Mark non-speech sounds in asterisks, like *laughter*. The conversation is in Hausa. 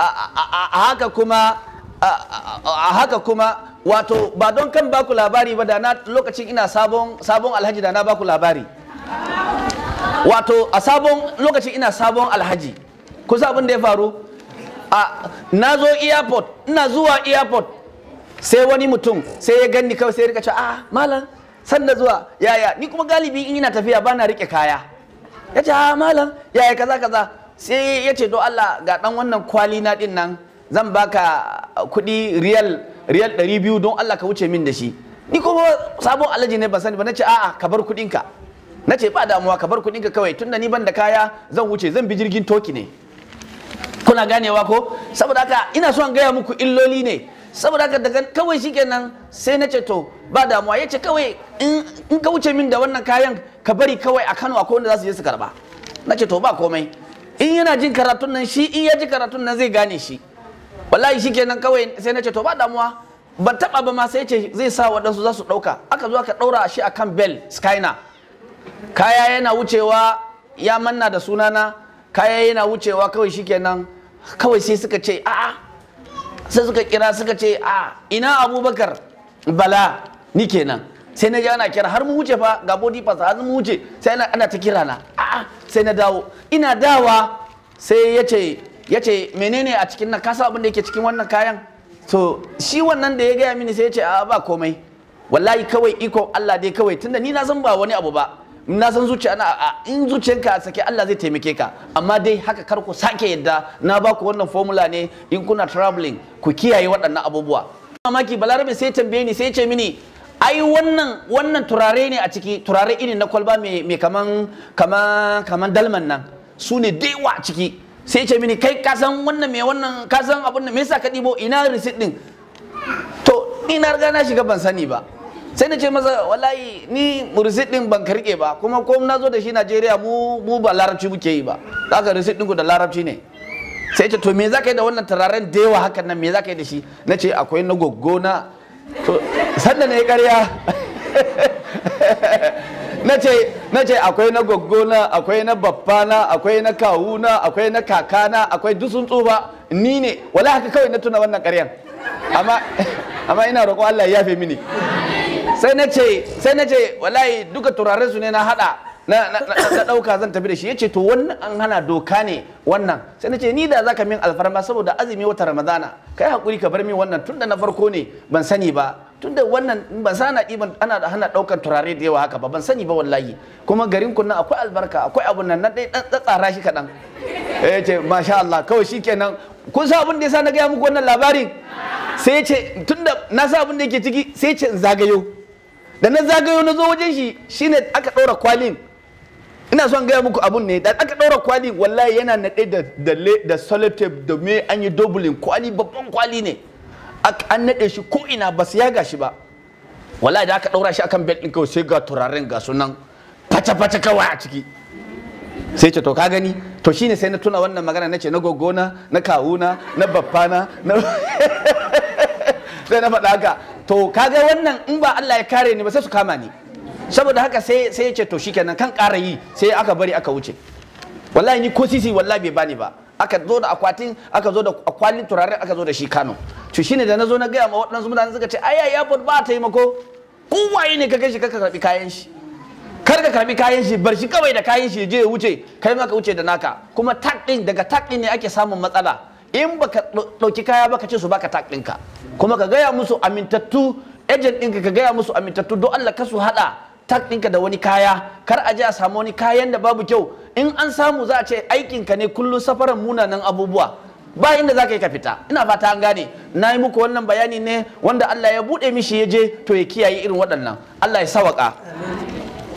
a haka kuma a haka kuma wato ba don kan baku labari ba da na lokacin ina sabon sabon alhaji da na baku labari wato a sabon lokacin ina sabon alhaji kusa abin da ya faru a na zo airport ina zuwa airport sai wani mutum sai ya ganni kawai sai ya rika cewa a ah, malam sanda zuwa yaya ni kuma galibi in ina tafiya ba na rike kaya ya ce a ah, malam yaya kaza kaza sai ya ce don Allah ga dan wannan kwali na din nan zan baka kuɗi riyal riyal 200 don Allah ka wuce min da shi ni kuma sabon alaji ne ban sani ba ce a'a ka bar kuɗin ka nace ba damuwa ka bar kuɗin ka kawai tunda ni ban da kaya zan wuce zan bi jirgin toki ne kuna ganewa ko saboda haka ina so an gaya muku illoli ne saboda haka daga kawai shikenan sai nace to ba damuwa yace kawai in ka wuce min da wannan kayan ka bari kawai a Kano akwai wanda za su je su karba nace to ba komai in yana jin karatun nan shi in ya ji karatun nan zai gane shi wallahi shi kenan kawai sai na ce to ba damuwa ban taba ba ma sai ce zai sa waɗansu za su ɗauka aka zo aka ɗaura shi akan bell skyna kaya yana wucewa ya manna da sunana kaya yana wucewa kawai shi kenan kawai sai suka ce a'a sai suka kira suka ce a ina abubakar bala ni kenan sai na ji ana kira har mu wuce fa ga body pass har mu wuce sai ana ta kira na sai na dawo ina dawa sai ya ce menene a cikin nan kasa abin da yake cikin wannan kayan to shi wannan da ya gaya mini sai ya ce a ba komai wallahi kawai ikon Allah dai kawai tunda ni na san ba wani abu ba na san zuciya na a in zuciyanka a sake Allah zai taimake ka amma dai haka kar ku sake yadda na ba ku wannan formula ne in kuna traveling ku kiyaye waɗannan abubuwa mamaki balarabe sai tambaye ni sai ce mini ai wannan wannan turare ne a ciki turare irin na kwalba mai kaman kaman kaman dalman nan su ne dewa a ciki sai ce mini kai ka san wannan mai wannan ka san abun da me yasa ka dibo ina receipt din to ni na riga na shiga ban sani ba sai na ce masa wallahi ni receipt din ban karke ba kuma ko na zo da shi Najeriya mu mu ba larabci muke yi ba zaka receipt din ku da larabci ne sai ce to me zaka yi da wannan turaren da hakan nan me zaka yi da shi nace akwai na goggona to sanda na yi karya *laughs* na ce akwai na goggona akwai na babbana akwai na kawuna akwai na kakana akwai dusun tsufa ni ne wala haka kawai na tuna wannan karyan *laughs* amma ina roƙo Allah ya yafe mini sai na ce wallahi duka turaren su ne na hada na ɗauka zan tafi da shi yace to wannan an hana doka ne wannan sai nace ni da zaka min alfarma saboda azumi wata ramadana kai hakuri ka bar min wannan tunda na farko ne ban sani ba tunda wannan ban sana ɗiban ana da hana ɗaukar turare da yawa haka ba ban sani ba wallahi kuma garin kunna akwai albarka akwai abun nan na dai dan tsara shi kaɗan eh ce masha Allah kawai shikenan kun sa abin da yasa na gaya muku wannan labarin sai ce tunda na sa abin da yake ciki sai ce zagayo da na zagayo na zo wajen shi shine aka ɗora kwalin ina son gaya muku abun ne da aka ɗaura kwali wallahi yana naɗe da da da solid da me an yi doubling kwali babban kwali ne an naɗe shi ko ina ba su yaga shi ba wallahi da aka ɗaura shi akan belt ɗin kawai sai ga turaren ga sunan fata fata kawai a ciki sai ce to ka gani to shine sai na tuna wannan magana na ce na gogona na kawuna na babbana na *laughs* sai na faɗa haka to kaga wannan in ba Allah ya kare ni ba sai su kama ni saboda haka sai sai ya ce to shikenan kan ƙara yi sai aka bari aka wuce wallahi ni ko sisi wallahi bai bani ba aka zo da akwatin aka zo da akwalin turare aka zo da shi Kano to shine da nazo na gaya ma waɗansu mutane suka ce ayya ya ba taimako kowaye ne ka kai shi ka karbi kayan shi kar ka karbi kayan shi bar shi kawai da kayan shi je ya wuce kai ma ka wuce da naka kuma tag din daga tag din ne ake samun matsala in baka dauki kaya baka ce su baka tag ɗinka kuma ka gaya musu amintattu ejen ɗinka ka gaya musu amintattu don Allah ka su hada tag ɗinka da wani kaya kar a je a samu wani kayan da babu kyau in an samu za a ce aikinka ne kullum safaran munanan abubuwa ba inda za ka yi ka fita ina fata an gane na yi muku wannan bayani ne wanda Allah ya buɗe mishi ya je to ya kiyaye irin waɗannan Allah ya sawaka